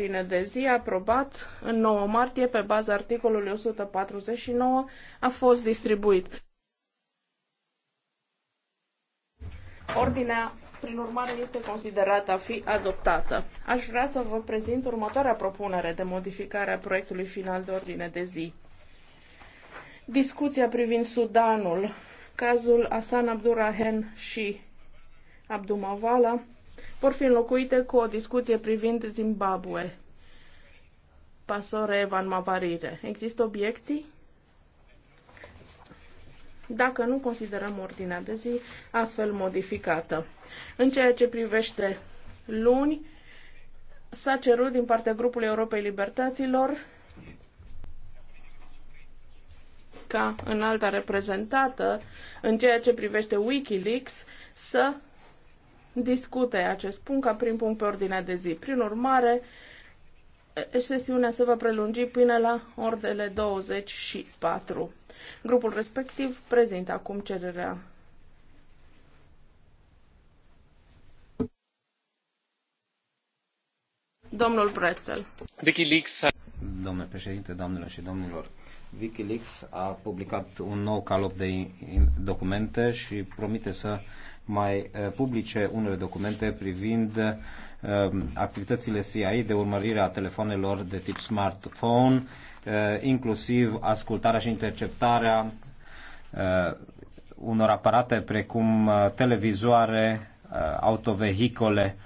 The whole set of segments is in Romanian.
ordine de zi aprobat în 9 martie pe baza articolului 149 a fost distribuit. Ordinea, prin urmare, este considerată a fi adoptată. Aș vrea să vă prezint următoarea propunere de modificare a proiectului final de ordine de zi. Discuția privind Sudanul, cazul Asan Abdurahen și Abdumavala, vor fi înlocuite cu o discuție privind Zimbabwe. Pasore Evan Mavarire. Există obiecții? Dacă nu, considerăm ordinea de zi astfel modificată. În ceea ce privește luni, s-a cerut din partea grupului Europei Libertăților ca înalta reprezentată în ceea ce privește Wikileaks să discute acest punct ca prim punct pe ordinea de zi. Prin urmare, sesiunea se va prelungi până la ordele 24. Grupul respectiv prezintă acum cererea Domnul Brețel. Wikileaks Domnule președinte, doamnelor și domnilor, Wikileaks a publicat un nou calop de documente și promite să mai uh, publice unele documente privind uh, activitățile CIA de urmărire a telefonelor de tip smartphone, uh, inclusiv ascultarea și interceptarea unor aparate precum televizoare, autovehicole,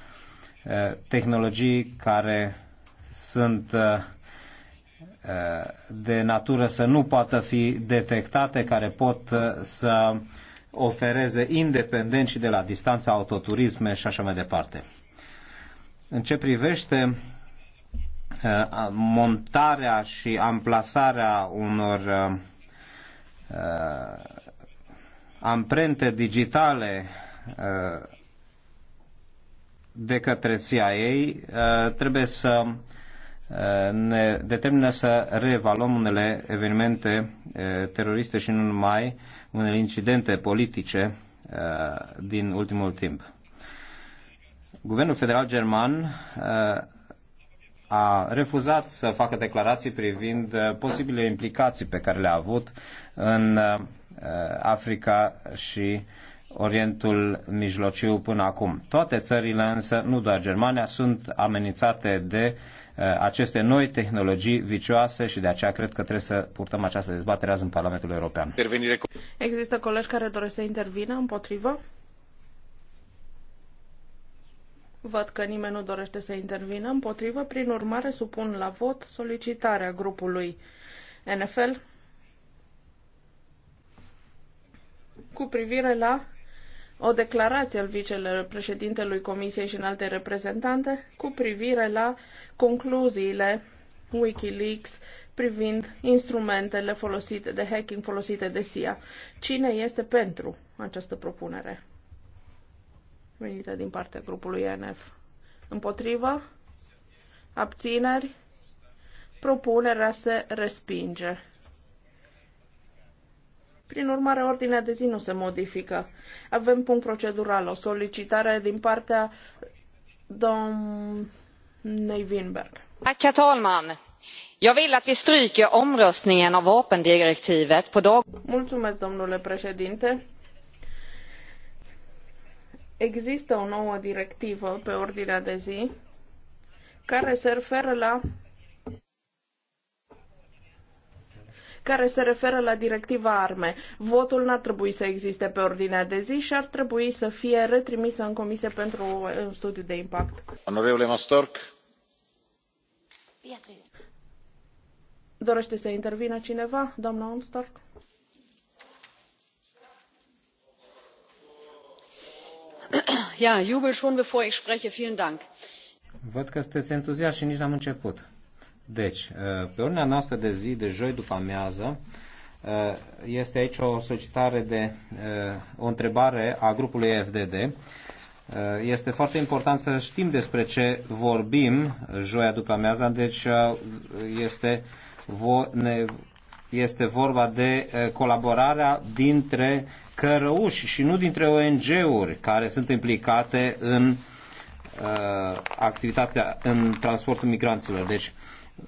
tehnologii care sunt de natură să nu poată fi detectate, care pot să ofereze independent și de la distanță autoturisme și așa mai departe. În ce privește uh, montarea și amplasarea unor uh, uh, amprente digitale de către CIA, trebuie să Eh, ne determină să reevaluăm unele evenimente eh, teroriste și nu numai unele incidente politice eh, din ultimul timp. Guvernul federal german a refuzat să facă declarații privind posibile implicații pe care le-a avut în Africa și Orientul Mijlociu până acum. Toate țările însă, nu doar Germania, sunt amenințate de uh, Uh, aceste noi tehnologii vicioase și de aceea cred că trebuie să purtăm această dezbatere azi în Parlamentul European. Există colegi care doresc să intervină împotrivă? Văd că nimeni nu dorește să intervină împotrivă, prin urmare supun la vot solicitarea grupului NFL cu privire la o declarație al vicepreședintelui Comisiei și în alte reprezentante cu privire la concluziile Wikileaks privind instrumentele folosite de hacking folosite de SIA. Cine este pentru această propunere venită din partea grupului ENF? Împotrivă? Abțineri? Propunerea se respinge. Prin urmare, ordinea de zi nu se modifică. Avem punct procedural, o solicitare din partea domnului Winberg. Herr talman! Jag vill att vi stryker omröstningen av vapendirektivet på dag... Mulțumesc, domnule președinte. Există o nouă directivă pe ordinea de zi care se referă la care se referă la directiva arme. Votul n-ar trebui să existe pe ordinea de zi și ar trebui să fie retrimisă în comisie pentru un studiu de impact. Onorevole Mastorc. Dorește să intervină cineva, doamna Omstorc? Ja, jubel schon bevor ich spreche. Vielen Dank. Văd că sunteți entuziast și nici n-am început. Deci, uh, pe ordinea noastră de zi, de joi după amiază, uh, este aici o solicitare de uh, o întrebare a grupului FDD. Este foarte important să știm despre ce vorbim joia după amiaza, deci este, vo- ne, este vorba de colaborarea dintre cărăuși și nu dintre ONG-uri care sunt implicate în activitatea în transportul migranților. Deci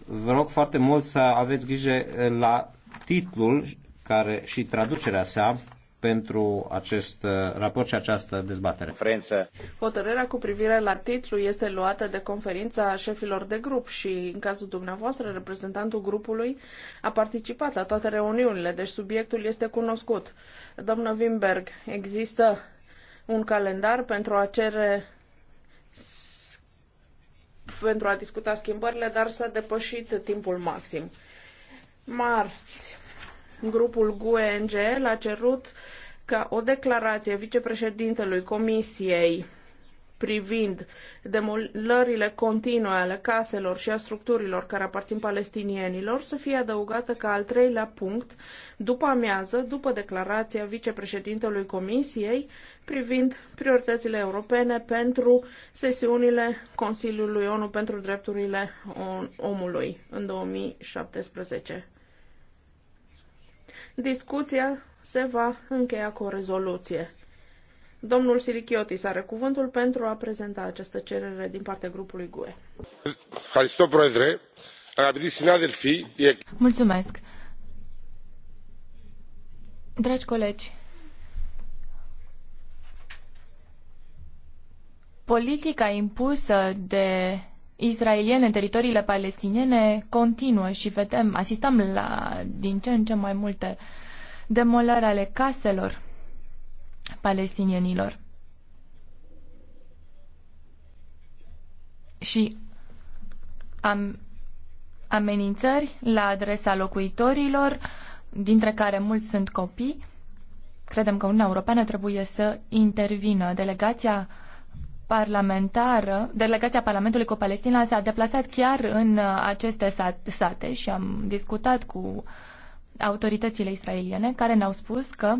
vă rog foarte mult să aveți grijă eh, la titlul care și traducerea sa pentru acest eh, raport și această dezbatere. Conferință. Hotărârea cu privire la titlu este luată de conferința șefilor de grup și, în cazul dumneavoastră, reprezentantul grupului a participat la toate reuniunile, deci subiectul este cunoscut. domnul Wimberg, există un calendar pentru a cere pentru a discuta schimbările, dar s-a depășit timpul maxim. Marți, grupul GUE-NGL a cerut ca o declarație vicepreședintelui Comisiei privind demolările continue ale caselor și a structurilor care aparțin palestinienilor să fie adăugată ca al treilea punct după amiază, după declarația vicepreședintelui Comisiei privind prioritățile europene pentru sesiunile Consiliului ONU pentru drepturile omului în 2017. Discuția se va încheia cu o rezoluție. Domnul Silichiotis are cuvântul pentru a prezenta această cerere din partea grupului GUE. Mulțumesc. Dragi colegi, politica impusă de israelieni în teritoriile palestiniene continuă și vedem, asistăm la din ce în ce mai multe demolări ale caselor, palestinienilor. Și am amenințări la adresa locuitorilor, dintre care mulți sunt copii. Credem că Uniunea Europeană trebuie să intervină. Delegația parlamentară, delegația Parlamentului cu Palestina s-a deplasat chiar în aceste sate și am discutat cu autoritățile israeliene care ne-au spus că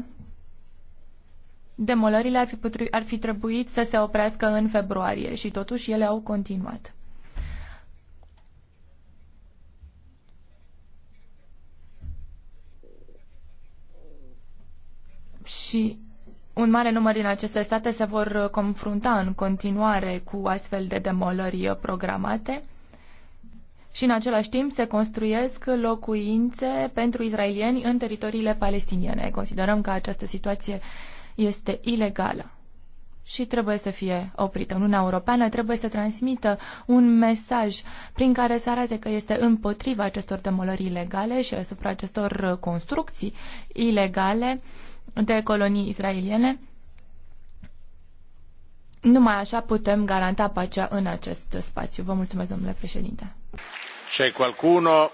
demolările ar fi, putru- ar fi trebuit să se oprească în februarie și totuși ele au continuat. Și un mare număr din aceste state se vor confrunta în continuare cu astfel de demolări programate și în același timp se construiesc locuințe pentru israelieni în teritoriile palestiniene. Considerăm că această situație uh, este ilegală și trebuie să fie oprită. Uniunea Europeană trebuie să transmită un mesaj prin care să arate că este împotriva acestor demolări ilegale și asupra acestor construcții ilegale de colonii israeliene. Numai așa putem garanta pacea în acest spațiu. Vă mulțumesc, domnule președinte. qualcuno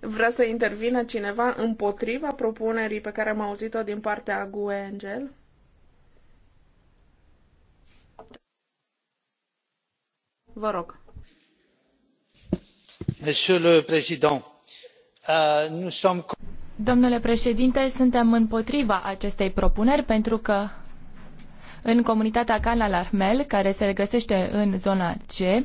Vrea să intervină cineva împotriva propunerii pe care am auzit-o din partea GUE Angel? Vă rog. Euh, Domnule președinte, suntem împotriva acestei propuneri pentru că în comunitatea Canal al Armel, care se regăsește în zona C,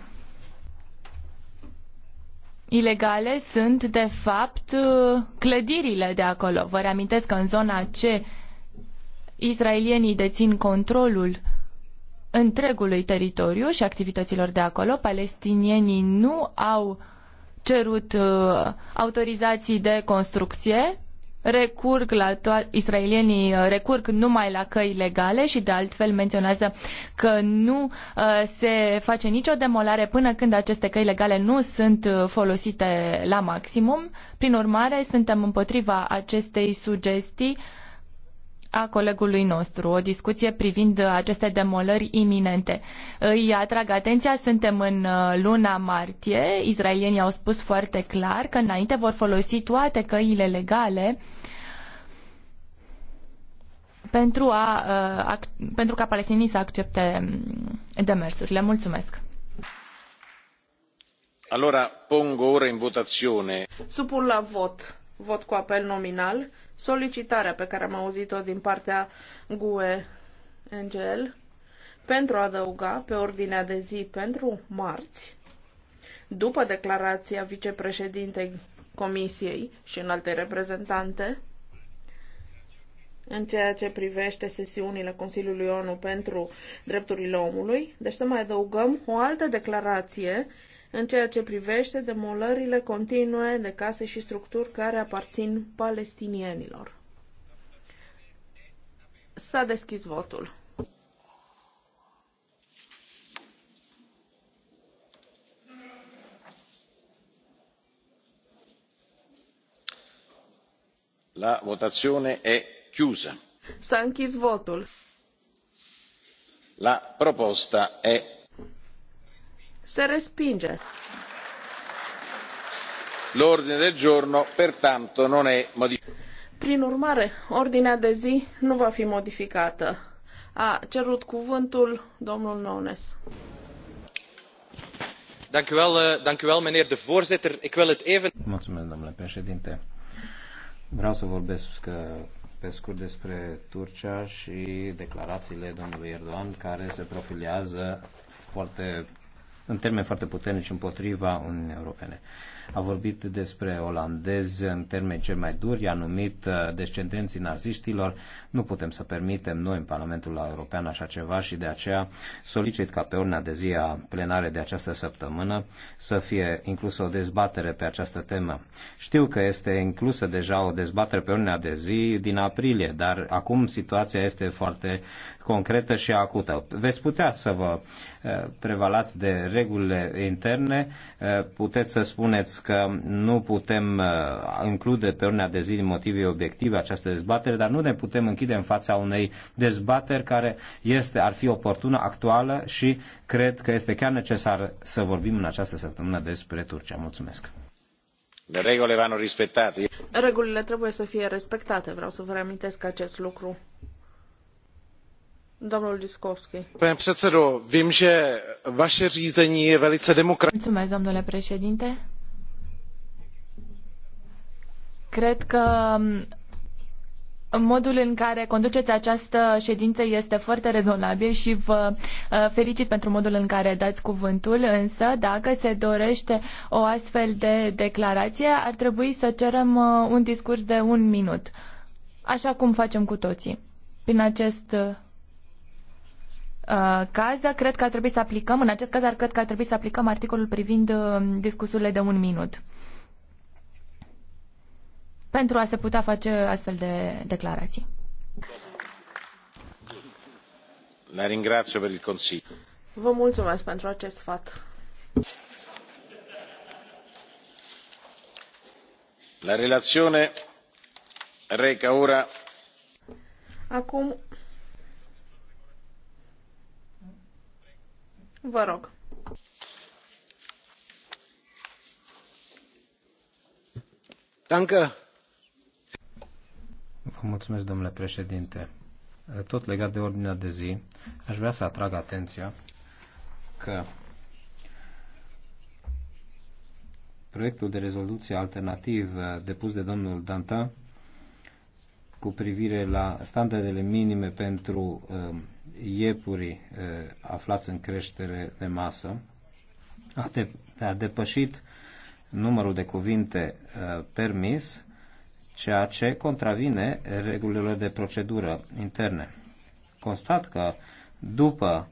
ilegale sunt, de fapt, uh, clădirile de acolo. Vă reamintesc că în zona C israelienii dețin controlul întregului teritoriu și activităților de acolo. Palestinienii nu au cerut uh, autorizații de construcție recurg la toate, israelienii uh, recurg numai la căi legale și de altfel menționează că nu uh, se face nicio demolare până când aceste căi legale nu sunt uh, folosite la maximum. Prin urmare, suntem împotriva acestei sugestii uh, a colegului nostru, o discuție privind aceste demolări iminente. Îi atrag atenția, suntem în uh, luna martie, israelienii au spus foarte clar că înainte vor folosi toate căile legale pentru, a, uh, a pentru ca palestinii să accepte um, demersurile. Mulțumesc! Allora pongo ora in votazione. Supun la vot, vot cu apel nominal solicitarea pe care am auzit-o din partea GUE NGL pentru a adăuga pe ordinea de zi pentru marți, după declarația vicepreședintei Comisiei și în alte reprezentante, în ceea ce privește sesiunile Consiliului ONU pentru drepturile omului. Deci să mai adăugăm o altă declarație în ceea ce privește demolările continue de case și structuri care aparțin palestinienilor. S-a deschis votul. La votazione è chiusa. S-a închis votul. La proposta è se respinge. L'ordine del giorno, pertanto, non è modificato. Prin urmare, ordinea de zi nu va fi modificată. A cerut cuvântul domnul Nones. Mulțumesc, domnule președinte. Vreau să vorbesc pe scurt despre Turcia și declarațiile domnului Erdogan care se profilează foarte în termeni foarte puternici împotriva Uniunii Europene. A vorbit despre olandezi în termeni cel mai duri, i-a numit uh, descendenții naziștilor. Nu putem să permitem noi în Parlamentul European așa ceva și de aceea solicit ca pe ordinea de zi a plenare de această săptămână să fie inclusă o dezbatere pe această temă. Știu că este inclusă deja o dezbatere pe ordinea de zi din aprilie, dar acum situația este foarte concretă și acută. Veți putea să vă uh, prevalați de regulile interne, eh, puteți să spuneți că nu putem eh, include pe ordinea de zi motive obiective această dezbatere, dar nu ne putem închide în fața unei dezbateri care este, ar fi oportună, actuală și cred că este chiar necesar să vorbim în această săptămână despre Turcia. Mulțumesc! regulile trebuie să fie respectate vreau să vă reamintesc acest lucru pane předsedo vím že vaše řízení je velice demokratické. domnule președinte cred că um, modul în care conduceți această ședință este foarte rezonabil și vă uh, felicit pentru modul în care dați cuvântul, însă dacă se dorește o astfel de declarație ar trebui să cerem uh, un discurs de un minut, așa cum facem cu toții. Prin acest uh, Uh, caz, cred că ar trebui să aplicăm, în acest caz, ar cred că ar trebui să aplicăm articolul privind uh, discursurile de un minut pentru a se putea face astfel de declarații. La ringrazio per il consiglio. Vă mulțumesc pentru acest sfat. La relazione reca ora Acum Vă rog. Danke. Vă mulțumesc, domnule președinte. Tot legat de ordinea de zi, aș vrea să atrag atenția că proiectul de rezoluție alternativ depus de domnul Danta, cu privire la standardele minime pentru um, iepurii uh, aflați în creștere de masă, a, de, a depășit numărul de cuvinte uh, permis, ceea ce contravine regulilor de procedură interne. Constat că după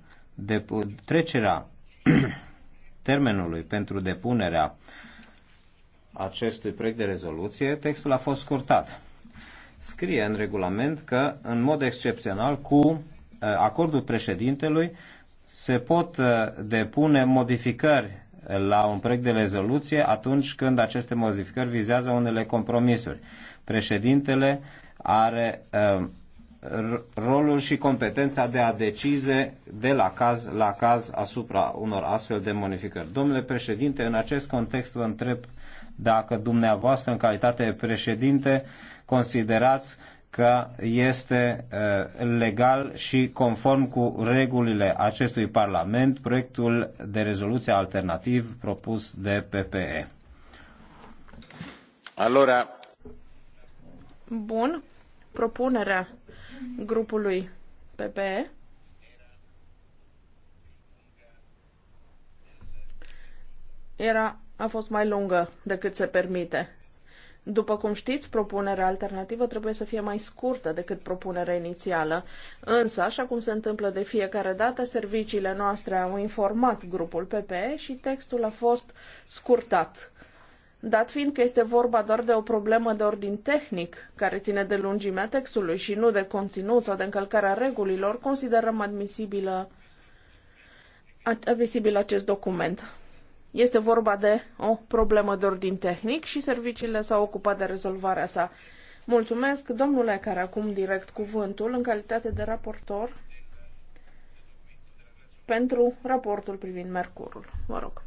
trecerea termenului pentru depunerea acestui proiect de rezoluție, textul a fost scurtat. Scrie în regulament că, în mod excepțional, cu Uh, acordul președintelui se pot uh, depune modificări la un proiect de rezoluție atunci când aceste modificări vizează unele compromisuri. Președintele are uh, rolul și competența de a decize de la caz la caz asupra unor astfel de modificări. Domnule președinte, în acest context vă întreb dacă dumneavoastră, în calitate de președinte, considerați că este uh, legal și conform cu regulile acestui Parlament proiectul de rezoluție alternativ propus de PPE. Alora. Bun. Propunerea grupului PPE era, a fost mai lungă decât se permite. După cum știți, propunerea alternativă trebuie să fie mai scurtă decât propunerea inițială, însă, așa cum se întâmplă de fiecare dată, serviciile noastre au informat grupul PPE și textul a fost scurtat. Dat fiind că este vorba doar de o problemă de ordin tehnic, care ține de lungimea textului și nu de conținut sau de încălcarea regulilor, considerăm admisibilă, admisibil acest document. Este vorba de o problemă de ordin tehnic și serviciile s-au ocupat de rezolvarea sa. Mulțumesc, domnule, care acum direct cuvântul în calitate de raportor pentru raportul privind Mercurul. Vă mă rog.